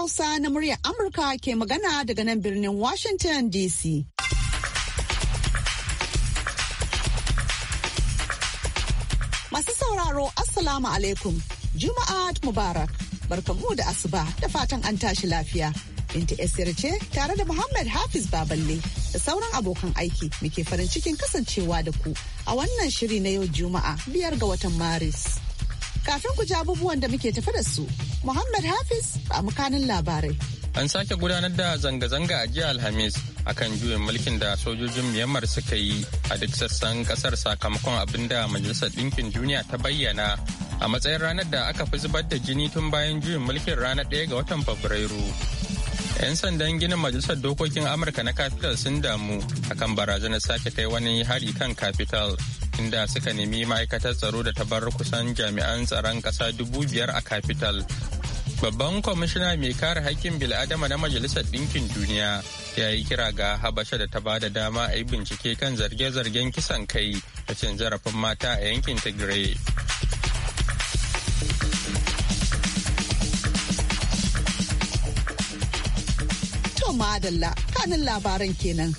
Hausa na muryar Amurka ke magana daga nan birnin Washington DC. Masu sauraro Assalamu alaikum Juma'a Mubarak barkamu da asuba da fatan an tashi lafiya. Binta Esther ce tare da Muhammad Hafiz Baballe da sauran abokan aiki muke farin cikin kasancewa da ku a wannan shiri na yau Juma'a biyar ga watan Maris. Kafin ku ji abubuwan da muke tafi da su, Muhammad Hafiz a mukanin labarai. An sake gudanar da zanga-zanga a jiya Alhamis akan juyin mulkin da sojojin Myanmar suka yi a duk sassan kasar sakamakon abin da Majalisar Dinkin Duniya ta bayyana a matsayin ranar da aka fi zubar da jini tun bayan juyin mulkin ranar ɗaya ga watan Fabrairu. 'Yan sandan ginin Majalisar Dokokin Amurka na Capital sun damu akan barazanar sake kai wani hari kan Capital. inda suka nemi ma'aikatar tsaro da tabar kusan jami'an tsaron ƙasa dubu biyar a capital babban kwamishina mai kare haƙƙin bil'adama na majalisar ɗinkin duniya ya yi kira ga habasha da ta ba da dama a yi bincike kan zarge-zargen kisan kai da cin zarafin mata a yankin tigray madalla kanin labaran kenan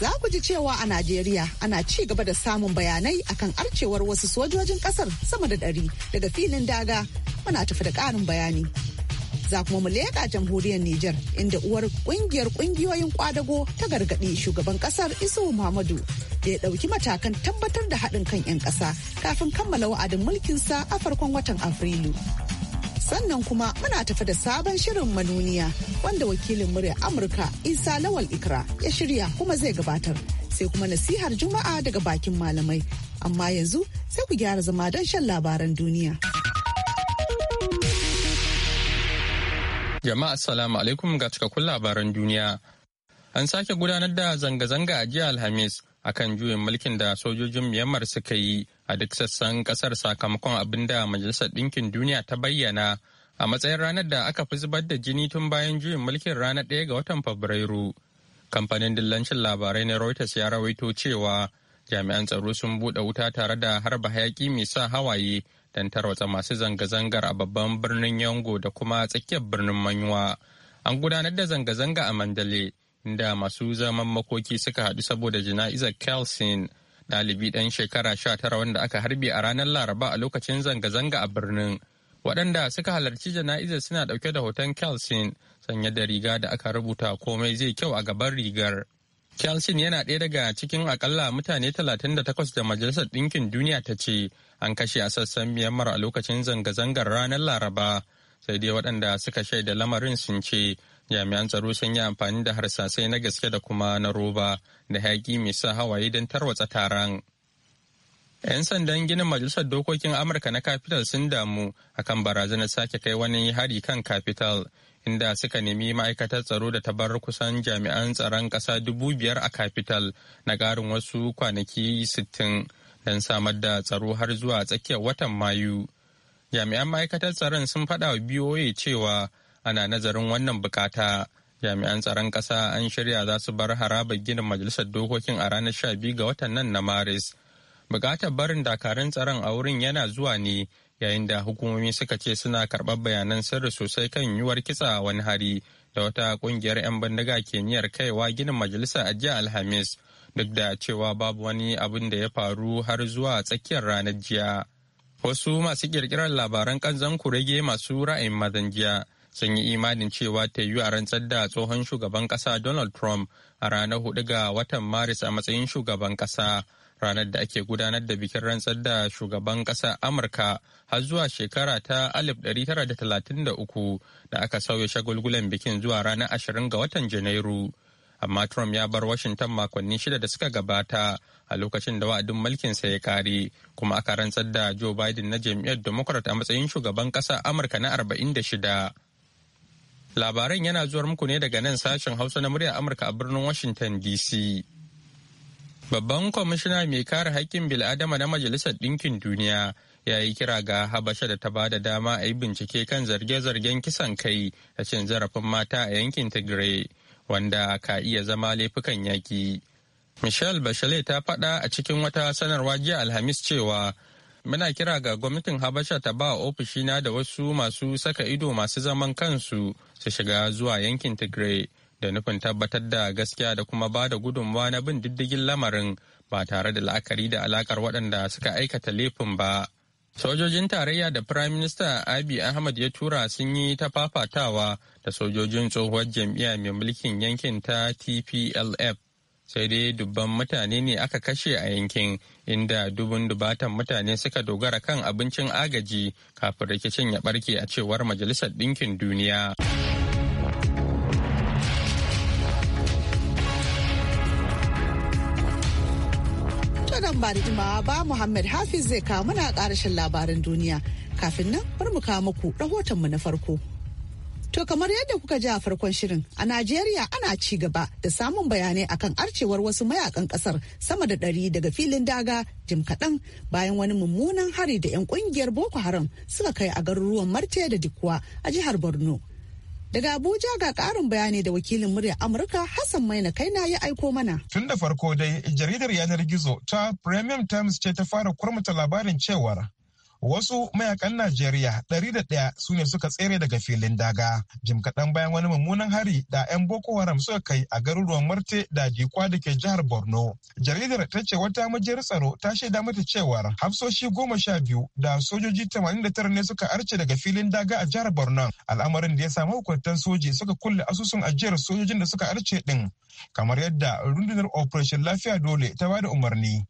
Za ku ji cewa a Najeriya ana ci gaba da samun bayanai akan arcewar wasu sojojin kasar sama da ɗari daga filin daga muna tafi da ƙarin bayani. Za kuma mu leƙa jamhuriyar Nijar inda uwar ƙungiyar ƙungiyoyin kwadago ta gargaɗi shugaban ƙasar Isu Muhammadu da ya ɗauki matakan tabbatar da haɗin kan 'yan ƙasa kafin kammala wa'adin mulkinsa a farkon watan Afrilu. Sannan kuma muna tafi da sabon shirin manuniya wanda wakilin murya Amurka Isa Lawal Ikra ya shirya kuma zai gabatar. Sai kuma nasihar Juma'a daga bakin malamai. Amma yanzu sai ku gyara zama don shan labaran duniya. Jama'a assalamu alaikum ga cikakkun labaran duniya. An sake gudanar da zanga-zanga a jiya Alhamis akan juyin mulkin da sojojin Myanmar suka yi a duk sassan kasar sakamakon abin da Majalisar Ɗinkin Duniya ta bayyana a matsayin ranar da aka fi zubar da jini tun bayan juyin mulkin ranar ɗaya ga watan Fabrairu. Kamfanin dillancin labarai na Reuters ya rawaito cewa jami'an tsaro sun buɗe wuta tare da harba hayaki mai sa hawaye don tarwatsa masu zanga-zangar a babban birnin Yango da kuma tsakiyar birnin Manyuwa. An gudanar da zanga-zanga a Mandale da masu zaman makoki suka haɗu saboda jana'izar kelsin ɗalibi ɗan shekara sha tara wanda aka harbe a ranar laraba a lokacin zanga-zanga a birnin waɗanda suka halarci jana'izar suna ɗauke da hoton kelsin sanye da riga da aka rubuta komai zai kyau a gaban rigar kelsin yana ɗaya daga cikin akalla mutane 38 da majalisar ɗinkin duniya ta ce an kashe a sassan myanmar a lokacin zanga-zangar ranar laraba sai dai waɗanda suka shaida lamarin sun ce jami'an tsaro sun yi amfani da harsasai na gaske da kuma na roba da hayaki mai sa hawaye don tarwatsa taron 'yan sandan ginin majalisar dokokin amurka na capital sun damu akan barazanar sake kai wani hari kan capital inda suka nemi ma'aikatar tsaro da ta bar kusan jami'an tsaron ƙasa dubu biyar a capital na garin wasu kwanaki sittin don samar da tsaro har zuwa tsakiyar watan mayu jami'an ma'aikatar tsaron sun faɗa wa boa cewa ana nazarin wannan bukata jami'an tsaron ƙasa an shirya za su bar harabar ginin majalisar dokokin a ranar sha 12 ga watan nan na maris bukatar barin dakarun tsaron a wurin yana zuwa ne yayin da hukumomi suka ce suna karɓar bayanan sirri sosai kan yiwuwar kitsa wani hari da wata ƙungiyar 'yan bindiga ke niyyar kaiwa ginin majalisa a jiya alhamis duk da cewa babu wani abin da ya faru har zuwa tsakiyar ranar jiya wasu masu kirkirar labaran kanzan kurege masu ra'ayin mazan jiya sun yi imanin cewa ta yi a rantsar da tsohon shugaban kasa Donald Trump a ranar hudu ga watan Maris a matsayin shugaban kasa ranar da ake gudanar da bikin rantsar da shugaban kasa Amurka har zuwa shekara ta 1933 da aka sauya shagulgulan bikin zuwa ranar 20 ga watan Janairu. Amma Trump ya bar Washington makonni shida da suka gabata a lokacin da wa'adin mulkin sa ya kare kuma aka rantsar da Joe Biden na jam'iyyar Democrat a matsayin shugaban kasa Amurka na 46. Labaran yana zuwar muku ne daga nan sashen Hausa na muryar Amurka a birnin Washington DC. Babban kwamishina mai kare haƙƙin bil'adama na Majalisar Ɗinkin Duniya ya yi kira ga Habasha da ta ba da dama a yi bincike kan zarge-zargen kisan kai da cin zarafin mata a yankin Tigray wanda ka iya zama laifukan yaƙi. Michelle Bachelet ta faɗa a cikin wata sanarwa jiya Alhamis cewa muna kira ga gwamnatin Habasha ta ba ofishina da wasu masu saka ido masu zaman kansu su shiga zuwa yankin Tigray da nufin tabbatar da gaskiya da kuma ba da gudunmawa na bin diddigin lamarin ba tare da la'akari da alakar waɗanda suka aikata laifin ba. Sojojin tarayya da Firayim Minista Abiy Ahmad ya tura sun yi ta fafatawa da sojojin tsohuwar jam'iyya mai mulkin yankin ta TPLF sai dai dubban mutane ne aka kashe a yankin inda dubun dubatan mutane suka dogara kan abincin agaji kafin rikicin ya barke a cewar majalisar ɗinkin duniya. Tunan ba da jimawa ba Muhammad Hafiz zai kawo muna ƙarashin labarin duniya. Kafin nan, bar mu kawo muku mu na farko. To kamar yadda kuka ji a farkon shirin, a Najeriya ana ci gaba da samun bayanai akan arcewar wasu mayakan kasar sama da ɗari daga filin daga jim kaɗan bayan wani mummunan hari da 'yan ƙungiyar Boko Haram suka kai a garuruwan Marte da Dikwa a jihar Borno. Daga Abuja ga ƙarin bayani da wakilin muryar Amurka Hassan Maina na ya aiko mana. Tun da farko dai jaridar yanar gizo ta Premium Times ce ta fara kurmuta labarin cewar wasu mayakan najeriya ɗari da ɗaya su ne suka tsere daga filin daga jim kaɗan bayan wani mummunan hari da 'yan boko haram suka kai a garuruwan marte da dikwa da ke jihar borno jaridar ta ce wata majiyar tsaro ta shaida mata cewar hafsoshi goma sha biyu da sojoji tamanin da tara ne suka arce daga filin daga a jihar borno al'amarin da ya samu hukuntan soji suka kulle asusun ajiyar sojojin da suka arce ɗin kamar yadda rundunar operation lafiya dole ta bada umarni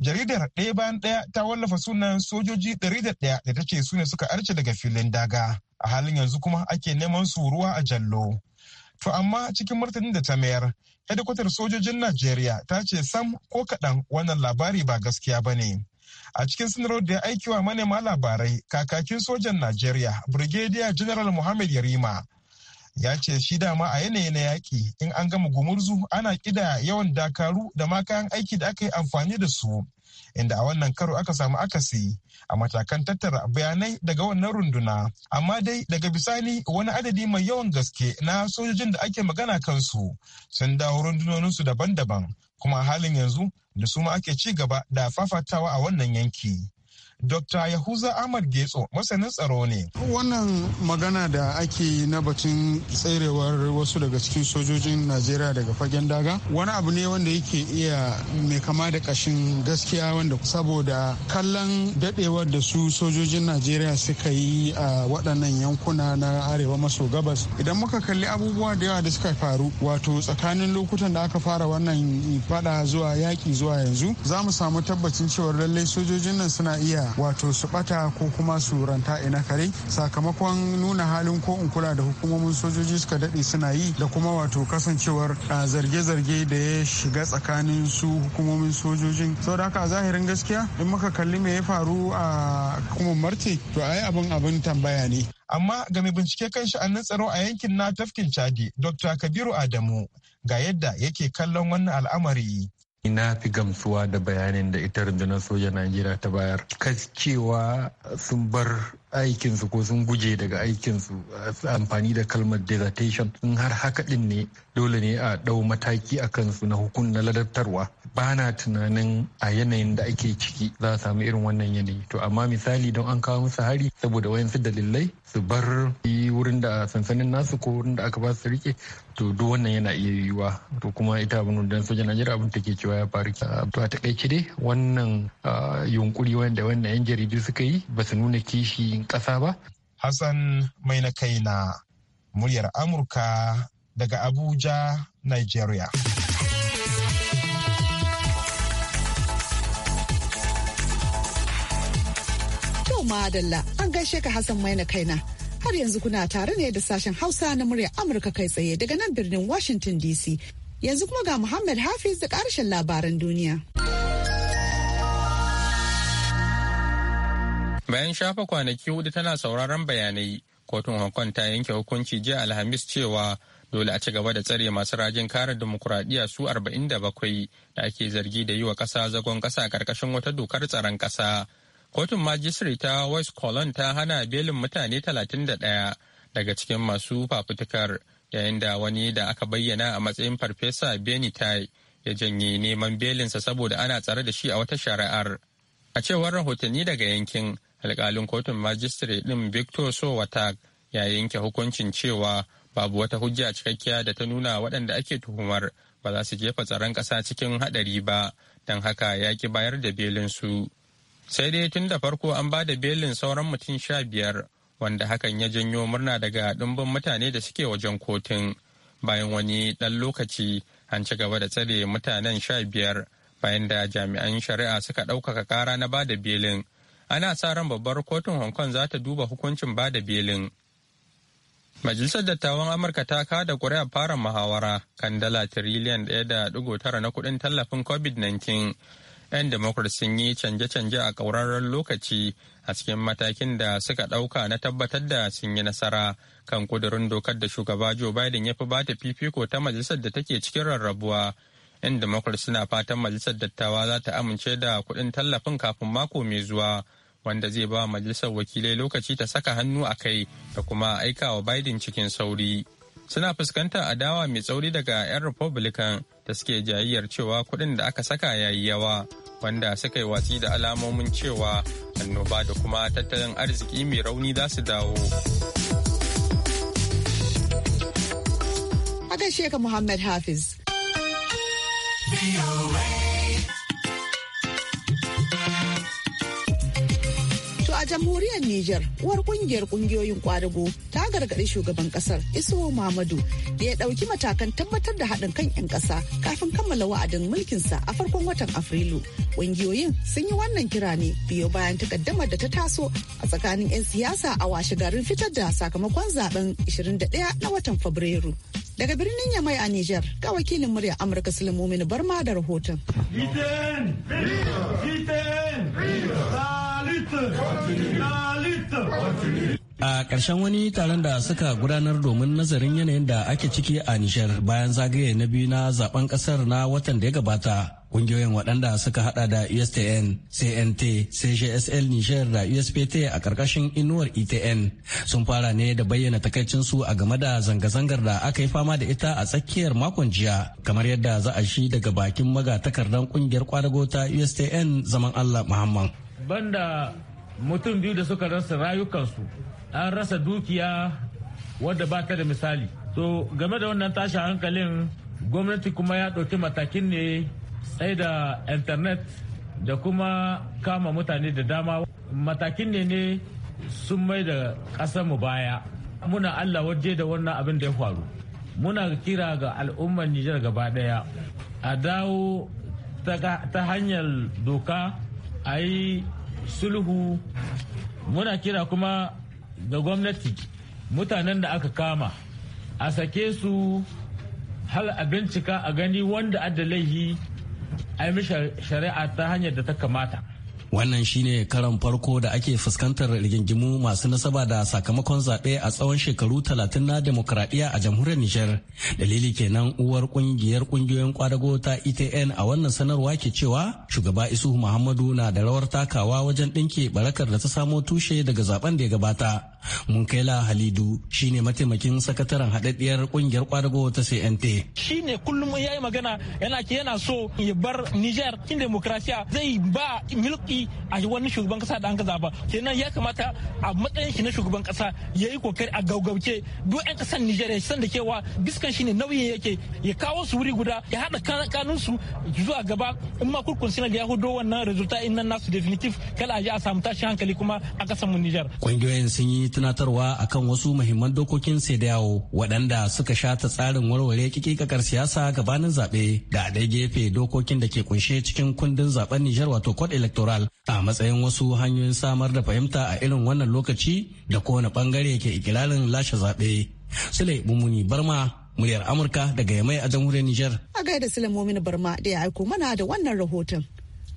jaridar ɗaya bayan ɗaya ta wallafa sunan sojoji ɗari da ɗaya da ta ce su ne suka arce daga filin daga a halin yanzu kuma ake neman su ruwa a jallo to amma cikin martanin da ta mayar hedikwatar sojojin najeriya ta ce sam ko kaɗan wannan labari ba gaskiya ba ne a cikin sanarwar da ya aiki manema labarai kakakin sojan najeriya brigadier general muhammad yarima ya ce shi dama a yanayi na yaƙi in an gama gumurzu ana ƙida yawan dakaru da ma kayan aiki da aka yi amfani da su inda a wannan karo aka samu akasi a matakan tattara bayanai daga wannan runduna amma dai daga bisani wani adadi mai yawan gaske na sojojin da ake magana kansu sun dawo rundunoninsu daban-daban kuma halin yanzu da su ma ake ci gaba da fafatawa a wannan yanki Dr. Yahuza Ahmad Getso masanin tsaro ne. Wannan magana da ake yi na batun tserewar wasu daga cikin sojojin Najeriya daga fagen daga wani abu ne wanda yake iya mai kama da kashin gaskiya wanda saboda kallon dadewar da su sojojin Najeriya suka yi a waɗannan yankuna na arewa maso gabas idan muka kalli abubuwa da yawa da suka faru wato tsakanin lokutan da aka fara wannan fada zuwa yaƙi zuwa yanzu za mu samu tabbacin cewa lallai sojojin nan suna iya wato su bata ko kuma su ranta ina kare sakamakon nuna halin ko in kula da hukumomin sojoji suka dade suna yi da kuma wato kasancewar zarge-zarge da ya shiga tsakanin su hukumomin sojojin saboda haka a zahirin gaskiya in muka kalli me ya faru a hukumar marti to ai abin abin tambaya ne amma ga mai bincike kan sha'anin tsaro a yankin na tafkin chadi dr kabiru adamu ga yadda yake kallon wannan al'amari Ina fi gamsuwa da bayanin da ita rundunar soja najeriya ta bayar kas cewa sun bar aikinsu ko sun guje daga aikinsu amfani da kalmar desertation in har haka din ne dole ne a ɗau mataki a kansu na hukun na ladabtarwa ba na tunanin a yanayin da ake ciki za a samu irin wannan yanayi to amma misali don an kawo musu hari saboda wayansu dalilai su bar wurin da sansanin nasu ko wurin da aka ba su rike to duk wannan yana iya yiwuwa to kuma ita abin da sojan najeriya abin take cewa ya faru to a takaice dai wannan yunkuri wanda wannan yan jaridu suka yi ba su nuna kishi ƙasa ba hassan mai na kai na muryar amurka daga abuja nigeria Madalla an gaishe ka Hassan mai Maina kaina har yanzu kuna tare ne da sashen Hausa na murya Amurka kai tsaye daga nan birnin Washington DC. Yanzu kuma ga Muhammad Hafiz da karshen labaran duniya. Bayan shafa kwanaki hudu tana sauraron bayanai, kotun Hong Kong ta yanke hukunci jiya Alhamis cewa dole a ci gaba da tsare masu rajin kare demokuraɗiyya su 47 da ake zargi da yi wa ƙasa zagon ƙasa ƙarƙashin wata dokar tsaron ƙasa. Kotun Majistri ta West Colon ta hana belin mutane 31 daga cikin masu fafutukar yayin da wani da aka bayyana a matsayin Farfesa Benitai ya janye neman belinsa saboda ana tsare da shi a wata shari'ar. A cewar rahotanni daga yankin, alkalin kotun Majistri din Victor Sowatak ya yanke hukuncin cewa babu wata hujja cikakkiya da ta nuna waɗanda ake tuhumar ba za su jefa tsaron ƙasa cikin haɗari ba, don haka ya ki bayar da belinsu. su. sai dai tun da farko an ba da belin sauran mutum sha biyar wanda hakan ya janyo murna daga ɗumbin mutane da suke wajen kotun bayan wani ɗan lokaci an ci gaba da tsare mutanen sha biyar bayan da jami'an shari'a suka ɗaukaka kara na ba da belin ana sa ran babbar kotun hong kong za ta duba hukuncin ba da belin Majalisar Dattawan Amurka ta kada ƙuri'ar fara muhawara kan dala tiriliyan ɗaya da ɗigo tara na kuɗin tallafin COVID-19 'yan democrat sun yi canje-canje a ƙauraren lokaci a cikin matakin da suka ɗauka na tabbatar da sun yi nasara kan kudurin dokar da shugaba joe biden ya fi ba ta fifiko ta majalisar da take cikin rarrabuwa 'yan democrat suna fatan majalisar dattawa za ta amince da kuɗin tallafin kafin mako mai zuwa wanda zai ba majalisar wakilai lokaci ta saka hannu a kai da kuma aika wa biden cikin sauri. suna fuskanta a dawa mai tsauri daga 'yan republican da suke jayayyar cewa kuɗin da aka saka ya yi yawa wanda suka yi watsi da alamomin cewa annoba da kuma tattalin arziki mai rauni za su dawo a gaishe hafiz a jamhuriyar Nijar, uwar kungiyar kungiyoyin kwadago ta gargaɗi shugaban kasar Isuwa Muhammadu da ya ɗauki matakan tabbatar da haɗin kan 'yan ƙasa kafin kammala wa'adin mulkinsa a farkon watan Afrilu. Kungiyoyin sun yi wannan kira ne biyo bayan takaddamar da ta taso a tsakanin 'yan siyasa a washe garin fitar da sakamakon zaben 21 na watan Fabrairu. Daga birnin Yamai a Nijar, ga wakilin murya Amurka Sulemu Barma da rahoton. A ƙarshen wani taron da suka gudanar domin nazarin yanayin da ake ciki a Nijar bayan zagaye na biyu na zaben ƙasar na watan da ya gabata. Ƙungiyoyin waɗanda suka haɗa da USTN, e CNT, CJSL Nijar da USPT e a ƙarƙashin inuwar ETN sun fara ne da bayyana takaicinsu a game da zanga-zangar da aka yi fama da ita a tsakiyar makon jiya kamar yadda za a shi daga bakin magatakardan ƙungiyar kwadago ta USTN e zaman Allah Muhammad. banda mutum biyu da suka rasa rayukansu an rasa dukiya wadda ba ta da misali to game da wannan tashin hankalin gwamnati kuma ya ɗauki matakin ne sai da intanet da kuma kama mutane da dama matakin ne ne sun mai da mu baya muna allah waje da wannan abin da ya faru muna kira ga al'ummar nijar gaba daya a dawo ta hanyar doka a yi sulhu muna kira kuma ga gwamnati mutanen da aka kama a sake su hal a bincika a gani wanda adda laihi a yi shari'a ta hanyar da ta kamata Wannan shine karan farko da ake fuskantar rigingimu masu nasaba da sakamakon zaɓe a tsawon shekaru talatin na demokradiyya a jamhuriyar Nijar. Dalili kenan uwar ƙungiyar ƙungiyoyin kwadago ta ETN a wannan sanarwa ke cewa shugaba Isuhu Muhammadu na da rawar takawa wajen ɗinke barakar da ta samo tushe daga zaben da ya gabata. mun kai la Halidu shine mataimakin sakataren haɗaɗɗiyar ƙungiyar kwadago ta CNT. Shine kullum ya yi magana yana yana so ya bar Niger cikin demokrasiya zai ba milki a wani shugaban kasa da an zaba. Kenan ya kamata a matsayin shi na shugaban kasa ya yi kokari a gaugauce duk 'yan kasan Niger ya san da cewa biskan shine nauyin yake ya kawo su wuri guda ya haɗa kanunsu zuwa gaba in ma kurkun sinar ya hudo wannan resulta in nan nasu definitif kala a je a samu tashin hankali kuma a kasan mu Niger. Ƙungiyoyin sun yi tunatarwa akan wasu muhimman dokokin sai da yawo waɗanda suka shata tsarin warware kikikakar siyasa gabanin zaɓe da ɗaya gefe dokokin da ke kunshe cikin kundin zaben Nijar wato code electoral a matsayin wasu hanyoyin samar da fahimta a irin wannan lokaci da kowane bangare ke ikilalin lashe zaɓe. Sule bumuni Barma muryar Amurka daga Yamai a jamhuriyar Nijar. A gaida Sule Barma da ya aiko mana da wannan rahoton.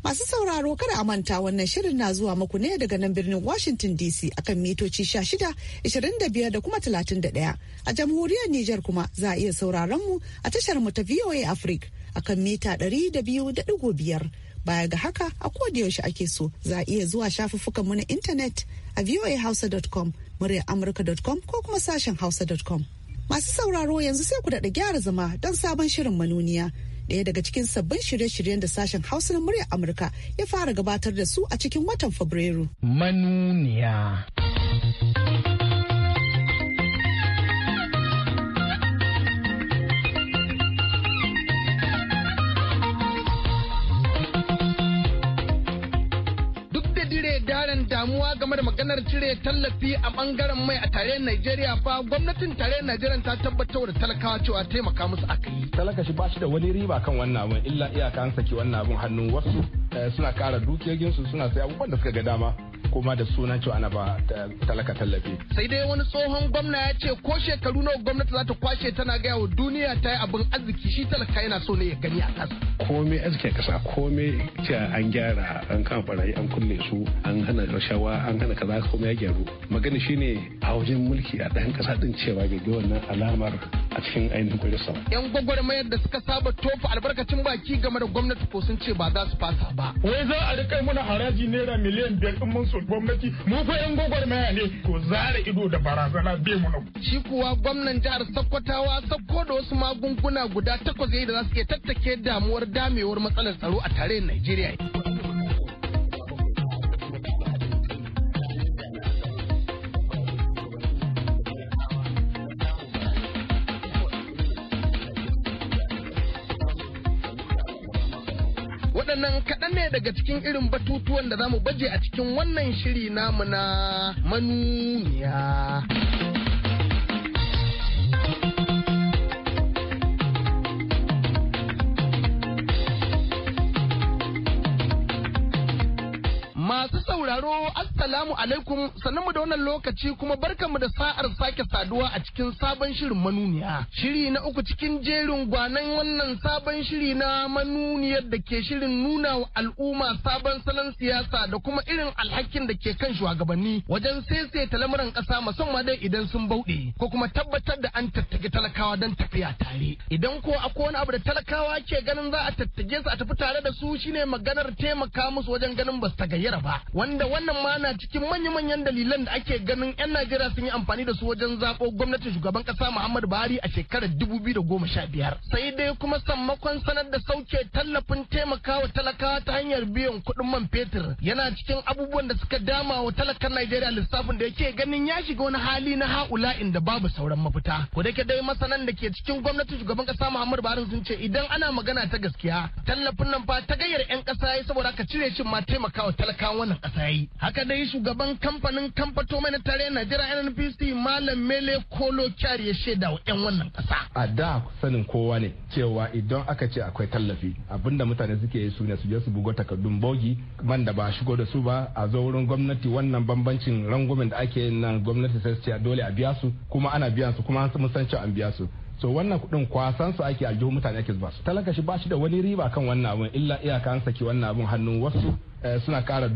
Masu sauraro kada a manta wannan shirin na zuwa muku ne daga nan birnin Washington DC akan mitoci 16, 25 da kuma 31. A jamhuriyar Nijar kuma za a iya sauraron mu a tashar mu ta VOA Africa akan mita 200.5. Baya ga haka a yaushe ake so za a iya zuwa shafuffukan mu na intanet a voahausa.com, muryar amurka.com ko kuma sashen hausa.com. Masu sauraro yanzu sai ku daɗa gyara zama don sabon shirin manuniya. ɗaya daga cikin sabbin shirye-shiryen da sashen hausa na muryar amurka ya fara gabatar da su a cikin watan fabrairu manuniya game da maganar cire tallafi a bangaren mai a tare Najeriya fa gwamnatin tare Najeriya ta tabbatar da talakawa cewa taimaka musu aka yi. Talaka shi ba shi da wani riba kan wannan abun illa iyaka an saki wannan abun hannun wasu eh, suna kara dukiyoyinsu suna sai abubuwan da suka ga dama. kuma da sunan cewa ana ba talaka tallafi. Sai dai wani tsohon gwamna ya ce ko shekaru nawa gwamnati za ta kwashe tana gaya wa duniya ta yi abin arziki shi talaka yana so ne ya gani a kasa. Komai arziki a ƙasa komai ce an gyara an kama barayi an kulle su an hana rashawa an hana kaza komai ya gyaru. Magana shine a wajen mulki a ɗan kasa ɗin cewa ga wannan alamar a cikin ainihin Kurdistan. Yan gwagwarmayar da suka saba tofa albarkacin baki game da gwamnati ko sun ce ba za su fasa ba. Wai za a rikai mana haraji naira miliyan biyar in mun so gwamnati mu fa yan gwagwarmaya ne ko zara ido da barazana bai mu nan. Shi kuwa gwamnan jihar Sokotawa Sakko da wasu magunguna guda takwas yayi da za su iya tattake damuwar damewar matsalar tsaro a tare Najeriya. daga cikin irin batutuwan da zamu baje a cikin wannan shiri namu na manuniya. Masu sauraro Assalamu alaikum sannan mu da wannan lokaci kuma barkanmu da sa'ar sake saduwa a cikin sabon shirin manuniya. Shiri na uku cikin jerin gwanan wannan sabon shiri na manuniyar da ke shirin nuna wa al'umma sabon salon siyasa da kuma irin alhakin da ke kan shugabanni wajen saisaita lamuran ƙasa musamman dai idan sun bauɗe ko kuma tabbatar da an tattaki talakawa don tafiya tare. Idan ko akwai wani abu da talakawa ke ganin za a tattage su a tafi tare da su shine maganar taimaka musu wajen ganin ba su tagayyara ba. Wanda wannan ma na A cikin manya-manyan dalilan da ake ganin 'yan Najeriya sun yi amfani da su wajen zaɓo gwamnatin shugaban ƙasa Muhammadu Buhari a shekarar biyar. Sai dai kuma sammakon sanar da sauke tallafin taimakawa talakawa ta hanyar biyan kuɗin man fetur yana cikin abubuwan da suka dama wa talakan Najeriya lissafin da yake ganin ya shiga wani hali na ha'ula inda babu sauran mafita. Ko da dai masanan da ke cikin gwamnatin shugaban ƙasa Muhammadu Buhari sun ce idan ana magana ta gaskiya tallafin nan fa ta gayyar 'yan ƙasa ya saboda aka cire shi ma taimakawa talakawa wannan ƙasa yi. Haka dai shugaban kamfanin kamfato mai na tare Najeriya NNPC Malam Mele Kolo Kyari ya shaida wa 'yan wannan kasa. A da sanin kowa ne cewa idan aka ce akwai tallafi abinda mutane suke yi su ne su je su bugo takardun bogi man da ba shigo da su ba a zo wurin gwamnati wannan bambancin rangwamen da ake yin nan gwamnati sai dole a biya su kuma ana biya su kuma an san cewa an biya su so wannan kuɗin kwasan su ake aljihun mutane ake zuba su talaka shi ba shi da wani riba kan wannan abun illa iyaka an saki wannan abun hannun wasu eh, suna kara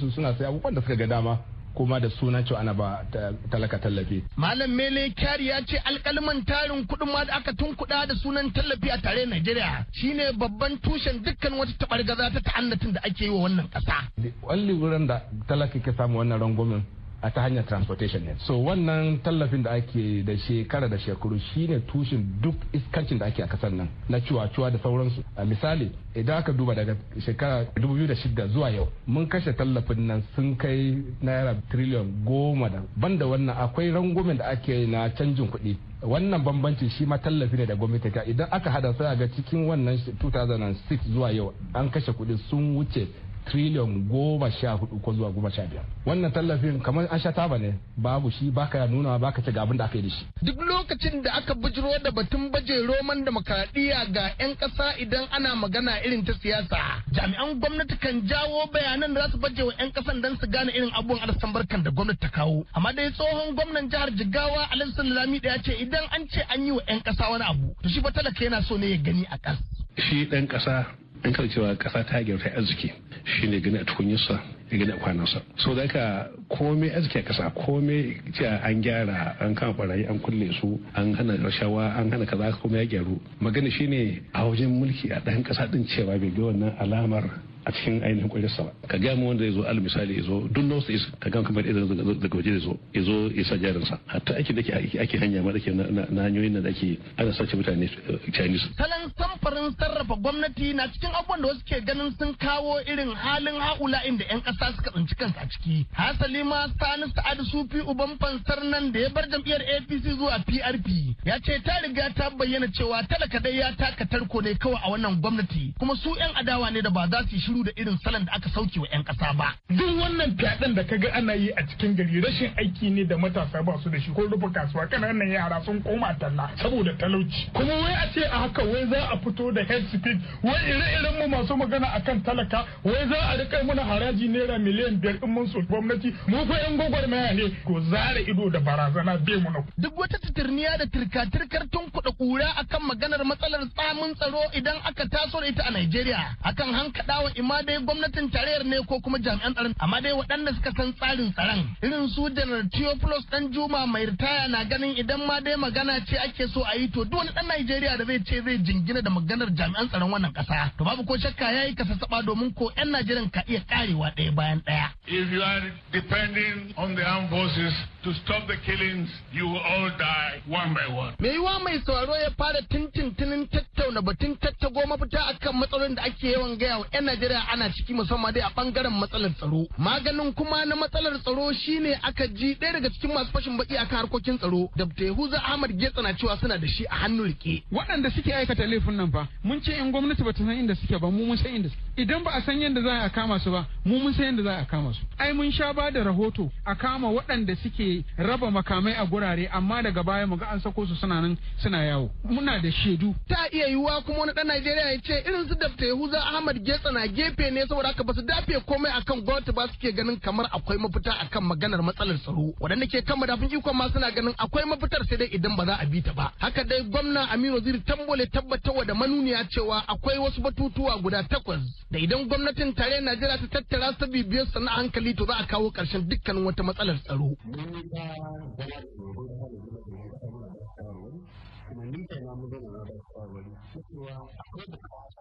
su suna sai abubuwan da suka ga dama kuma da sunan cewa ana ba talaka tallafi. Malam Mele Kyari ya ce alkalman tarin kudin ma da aka tunkuda da sunan tallafi a tare Najeriya shine babban tushen dukkan wata tabargaza ta ta'annatin da ake yi wa wannan kasa. Wani wurin da talaka ke samu wannan rangwamen a ta hanyar transportation ne so wannan tallafin da ake da shekara da shekaru shine tushen duk iskancin da ake a kasar nan na cuwa-cuwa da sauransu a misali idan aka duba daga shekara 2006 zuwa yau mun kashe tallafin nan sun kai naira triliyon goma da banda wannan akwai rangwamen da ake na canjin kuɗi wannan bambanci shi ma tallafi ne da gwamnati ta idan aka hada sai ga cikin wannan 2006 zuwa yau an kashe kuɗi sun wuce triliyan goma sha hudu ko zuwa goma sha biyar wannan tallafin kamar an sha taba ne babu shi baka ya nuna baka ce ga abin da aka yi da shi duk lokacin da aka bijiro da batun baje roman demokradiyya ga 'yan ƙasa idan ana magana irin ta siyasa jami'an gwamnati kan jawo bayanan da za su baje wa 'yan kasan don su gane irin abubuwan alasan barkan da gwamnati ta kawo amma dai tsohon gwamnan jihar jigawa alhassan Lamidu ya ce idan an ce an yi wa 'yan ƙasa wani abu to shi ba talaka yana so ne ya gani a ƙas shi ɗan ƙasa an kar cewa kasa ta gyarta arziki shine gani a tukunyarsa ya gani a kwanansa so da ka komai arziki a kasa komai cewa an gyara an kama barayi an kulle su an hana rashawa an hana kaza kuma ya gyaru magana shine a wajen mulki a ɗan kasa din cewa bai bi wannan alamar a cikin ainihin kwarirsa sama ka gaya mu wanda ya zo al misali ya zo duk nawa sai ka ga kamar idan daga waje ya zo ya zo ya sa sa hatta ake da ake hanya ma da ke na hanyoyin da ake ana sace mutane eh, chinese salon samfarin sarrafa gwamnati na cikin abubuwan da wasu ke ganin sun kawo irin halin haula inda yan kasa suka tsinci kansu a ciki hasali ma sani sa'adu sufi uban fansar nan da ya bar jam'iyyar apc zuwa prp ya ce ta riga ta bayyana cewa talaka dai ya taka tarko ne kawai a wannan gwamnati kuma su yan adawa ne da ba za su yi hannu da irin salon da aka sauke wa 'yan ƙasa ba. Duk wannan fyaɗen da kaga ana yi a cikin gari rashin aiki ne da matasa ba su da shi ko rufe kasuwa kananan yara sun koma talla saboda talauci. Kuma wai a ce a haka wai za a fito da head speed wai ire-iren mu masu magana akan talaka wai za a rika muna haraji naira miliyan biyar in mun so gwamnati mu fa 'yan gwagwarmaya ne ko zare ido da barazana be mu Duk wata titirniya da tirka-tirkar tun kuɗa ƙura akan maganar matsalar tsamin tsaro idan aka taso da ita a Najeriya akan hankaɗawa ma dai gwamnatin tarayyar ne ko kuma jami'an tsaron amma dai waɗanda suka san tsarin tsaron irin su janar Theophilus dan Juma mai ritaya na ganin idan ma dai magana ce ake so a yi to duk wani dan Najeriya da zai ce zai jingina da maganar jami'an tsaron wannan ƙasa to babu ko shakka yayi kasasaba domin ko 'yan Najeriya ka iya karewa ɗaya bayan ɗaya. If you are depending on the armed forces to stop the killings, you will all die one by one. Me yiwa mai sauraro ya fara tintintinin tattauna batun tattago mafita akan matsalolin da ake yawan gaya wa 'yan Najeriya ana ciki musamman dai a bangaren matsalar tsaro. Maganin kuma na matsalar tsaro shine aka ji ɗaya daga cikin masu fashin baki akan harkokin tsaro. Dabta Yahuza Ahmad Getsa na cewa suna da shi a hannu rike. Waɗanda suke aikata laifin nan fa mun ce in gwamnati ba ta san inda suke ba mu mun san inda suke. Idan ba a san yadda za a kama su ba mu mun san yadda za a kama su. Ai mun sha ba da rahoto a kama waɗanda suke raba makamai a gurare amma daga baya muga an sako su suna nan suna yawo muna da shaidu ta iya yiwuwa kuma wani dan Najeriya ya ce irin su Dr. Yahuza Ahmad Getsa na gefe ne saboda haka basu dafe komai akan gwamnati ba suke ganin kamar akwai mafita akan maganar matsalar tsaro wadanda ke kan madafin ikon ma suna ganin akwai mafitar sai dai idan ba za a bi ta ba haka dai gwamna Aminu Wazir Tambole tabbatarwa da manuniya cewa akwai wasu batutuwa guda takwas da idan gwamnatin tare Najeriya ta tattara su bibiyar sana hankali to za a kawo karshen dukkanin wata matsalar tsaro. America, then I would have a little bit of an understanding. In the meantime, I'm going to another forward. If you are a good cause,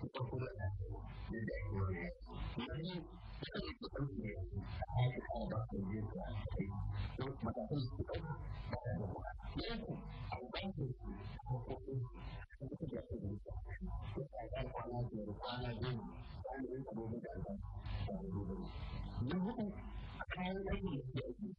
you can put it back to the deck where it is. Maybe I can call back to you guys. Don't my face to go. Yes, I'm going to do it. I'm going to do it. I'm going to do it.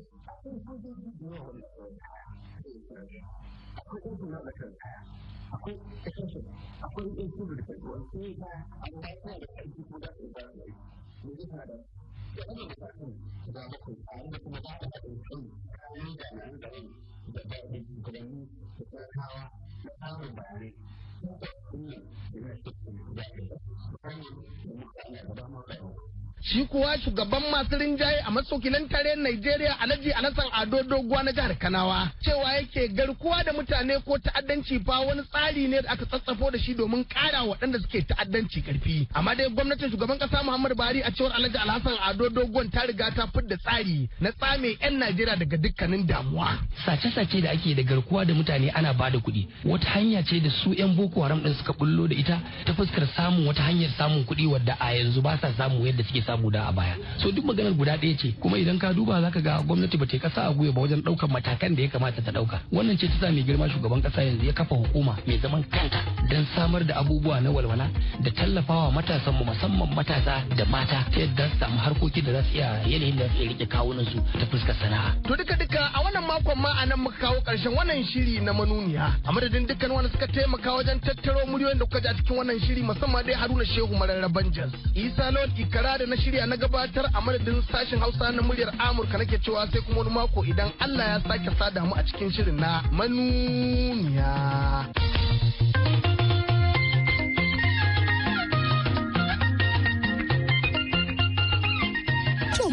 ra ông thấy nó là cái gì cũng rất là đơn giản như thế nào đó cho nên là và một thực phẩm được người ta là được ăn như là ăn rồi được vào bị cũng được ra thao thao được bạn cũng được những cái thực phẩm vậy đó nên một cái này là đó mà shi kuwa shugaban masu rinjaye a matsokilan tare Najeriya Alhaji Alhassan Ado Doguwa na jihar Kanawa cewa yake garkuwa da mutane ko ta'addanci fa wani tsari ne da aka tsatsafo da shi domin kara waɗanda suke ta'addanci karfi amma dai gwamnatin shugaban ƙasa Muhammadu Buhari a cewar Alhaji Alhassan Ado Doguwan ta riga ta fidda tsari na tsame 'yan Najeriya daga dukkanin damuwa sace-sace da ake da garkuwa da mutane ana ba da kuɗi wata hanya ce da su 'yan Boko Haram din suka bullo da ita ta fuskar samun wata hanyar samun kuɗi wadda a yanzu ba sa samu yadda suke samu da a baya so duk maganar guda ɗaya ce kuma idan ka duba zaka ga gwamnati ba ta kasa a guya ba wajen ɗaukar matakan da ya kamata ta ɗauka wannan ce ta sa mai girma shugaban kasa yanzu ya kafa hukuma mai zaman kanta don samar da abubuwa na walwala da tallafawa matasan mu musamman matasa da mata ta yadda su samu harkoki da za su iya yanayin da su rike kawunan su ta fuskar sana'a to duka duka a wannan makon ma a nan muka kawo karshen wannan shiri na manuniya a madadin dukkan wanda suka taimaka wajen tattaro muryoyin da kuka ji a cikin wannan shiri musamman dai Haruna Shehu Mararraban jaz Isa Lord Ikara da na shirya na gabatar a madadin sashen Hausa na muryar Amurka nake cewa sai kuma wani mako idan Allah ya sake sada mu a cikin shirin na manuniya.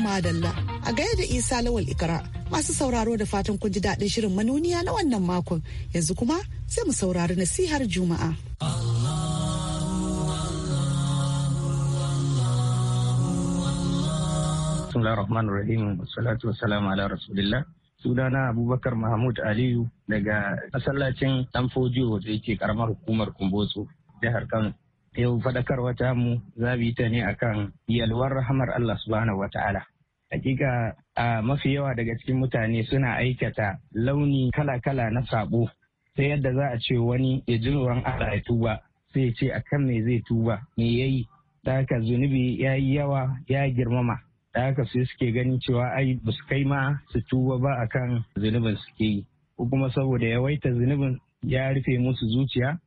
Madalla a gaya da Isa Lawal ikara masu sauraro da fatan kun ji daɗin shirin manuniya na wannan makon yanzu kuma sai mu saurari nasihar Juma'a. Bismillah Rahman Rahim, salatu wassalamu ala Rasulillah. Sunana Abubakar Mahmud Aliyu daga masallacin Danfojiyo da yake karamar hukumar Kumbotso, jihar Kano. Yau faɗakar wata mu za bi ta ne akan yalwar rahamar Allah subhanahu wata'ala. Hakika a mafi yawa daga cikin mutane suna aikata launi kala-kala na sabo ta yadda za a ce wani ya ji Allah ya tuba sai ya ce akan me zai tuba me yayi da haka zunubi ya yi yawa ya girmama da haka sai suke ganin cewa ai ba su kai ma su tuba ba akan zunubin suke yi ko kuma saboda yawaita zunubin ya rufe musu zuciya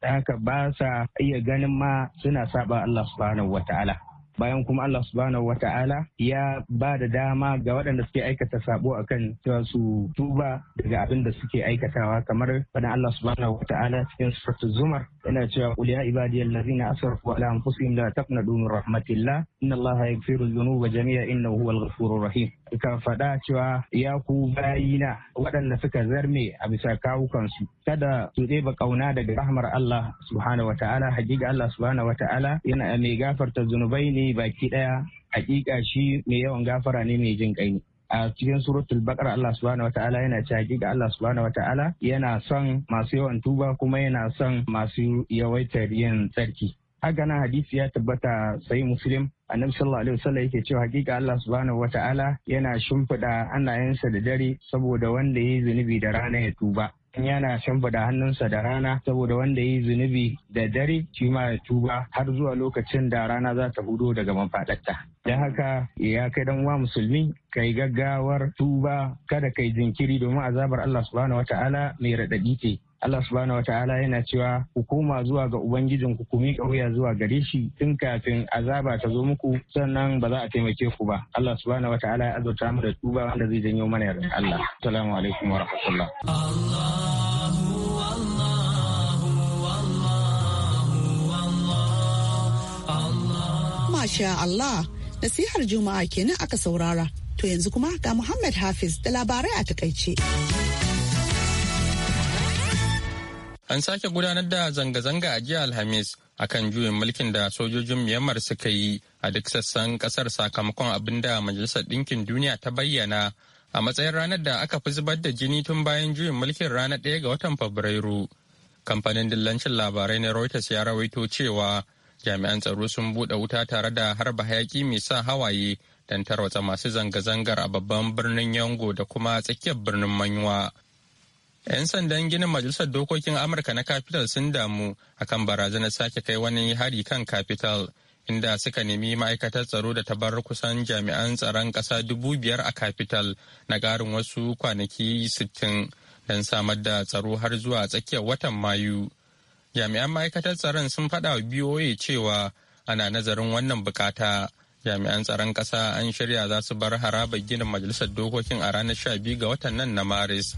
da haka ba sa iya ganin ma suna saba Allah subhanahu wataala bayan kuma Allah subhanahu ta'ala ya ba da dama ga waɗanda suke aikata sabo akan cewa su tuba daga abin da suke aikatawa kamar bana Allah subhanahu wata'ala cikin suratu zumar yana cewa qul ya ibadiyal ladzina asrafu ala anfusihim la taqnatu min rahmatillah inna Allah yaghfiru dhunuba jami'a innahu huwal ghafurur rahim kan faɗa cewa ya ku bayina waɗanda suka zarme a bisa kawukansu kada su ɗeba ƙauna daga rahmar Allah subhanahu wa ta'ala hakika Allah subhanahu wa ta'ala yana mai gafarta zunubai ne baki ɗaya hakika shi mai yawan gafara ne mai jin ƙai a cikin suratul bakar Allah subhanahu ta'ala yana cewa hakika Allah subhanahu ta'ala yana son masu yawan tuba kuma yana son masu yawaitar yin tsarki haka nan hadisi ya tabbata sai muslim annabi sallallahu alaihi wasallam yake cewa hakika Allah subhanahu wataala yana shimfida hannayensa da dare saboda wanda yayi zunubi da rana ya tuba yana shimfida hannunsa da rana saboda wanda yayi zunubi da dare shi ma ya tuba har zuwa lokacin da rana za ta hudo daga mafaɗarta dan haka ya kai dan wa musulmi kai gaggawar tuba kada kai jinkiri domin azabar Allah subhanahu wataala mai raɗaɗi ce Allah subhanahu wa ta'ala yana cewa ku koma zuwa ga ubangijin ku kumi kauya zuwa gare shi tun kafin azaba ta zo muku sannan ba za a taimake ku ba Allah subhanahu wa ta'ala ya azurta mu da tuba wanda zai janyo mana yarda Allah assalamu alaikum wa rahmatullah Masha Allah nasihar Juma'a kenan aka saurara to yanzu kuma ga Muhammad Hafiz da labarai a takaice. An sake gudanar da zanga-zanga a jiya Alhamis a kan juyin mulkin da sojojin Myanmar suka yi a duk sassan kasar sakamakon abin da Majalisar Ɗinkin Duniya ta bayyana a matsayin ranar da aka fi zubar da jini tun bayan juyin mulkin ranar ɗaya ga watan Fabrairu. Kamfanin dillancin labarai na Reuters ya rawaito cewa jami'an tsaro sun buɗe wuta tare da harba hayaki mai sa hawaye don tarwatsa masu zanga-zangar a babban birnin Yango da kuma tsakiyar birnin Manyuwa. 'Yan sandan ginin Majalisar Dokokin Amurka na Capital sun damu akan barazanar sake kai wani hari kan Capital inda suka nemi ma'aikatar tsaro da ta bar kusan jami'an tsaron ƙasa dubu biyar a Capital na ƙarin wasu kwanaki sittin don samar da tsaro har zuwa tsakiyar watan Mayu. Jami'an ma'aikatar tsaron sun faɗa wa BOA cewa ana nazarin wannan bukata. jami'an tsaron ƙasa an shirya za su bar harabar ginin majalisar dokokin a ranar 12 ga watan nan na maris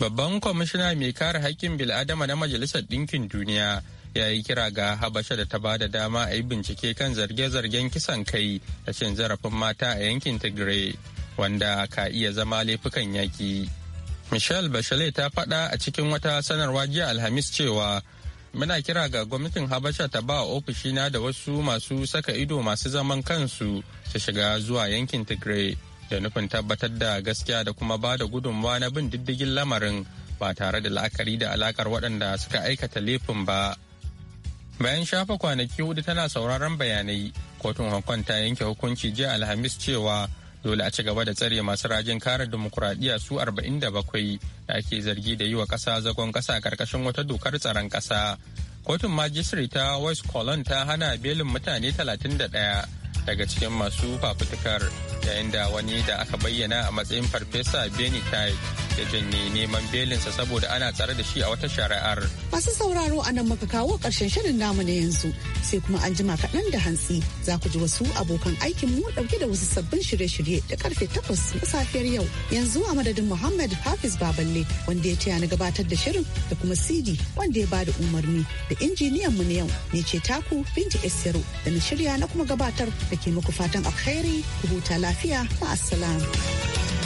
Babban kwamishina mai kare haƙƙin bil'adama na Majalisar Ɗinkin Duniya ya yi kira ga Habasha da ta ba da dama a yi bincike kan zarge-zargen kisan kai da cin zarafin mata a yankin Tigray wanda ka iya zama laifukan yaƙi. Michelle Bachelet ta faɗa a cikin wata sanarwa jiya Alhamis cewa muna kira ga gwamnatin Habasha ta ba ofishina da wasu masu saka ido masu zaman kansu su shiga zuwa yankin Tigray. da nufin tabbatar da gaskiya da kuma ba da gudunmawa na bin diddigin lamarin ba tare da la'akari da alakar waɗanda suka aikata laifin ba. Bayan shafa kwanaki hudu tana sauraron bayanai, kotun Hong Kong ta yanke hukunci jiya Alhamis cewa dole a ci gaba da tsare masu rajin kare dimokuraɗiyya su arba'in da bakwai da ake zargi da yi wa ƙasa zagon ƙasa karkashin wata dokar tsaron ƙasa. Kotun Majistri ta West Colon ta hana belin mutane talatin da 31 daga cikin masu fafutukar yayin da wani da aka bayyana a matsayin farfesa beni tai ya janye neman belinsa saboda ana tsare da shi a wata shari'ar. Masu sauraro a nan muka kawo karshen shirin namu na yanzu sai kuma an jima kaɗan da hantsi za ku ji wasu abokan aikin mu ɗauke da wasu sabbin shirye-shirye da karfe takwas na safiyar yau. Yanzu a madadin Muhammad Hafiz Baballe wanda ya taya na gabatar da shirin da kuma CD wanda ya bada umarni da injiniyan mu na yau ne ce taku Binti esiro da na shirya na kuma gabatar da ke muku fatan alheri ku huta lafiya. lafiya ma'assalam.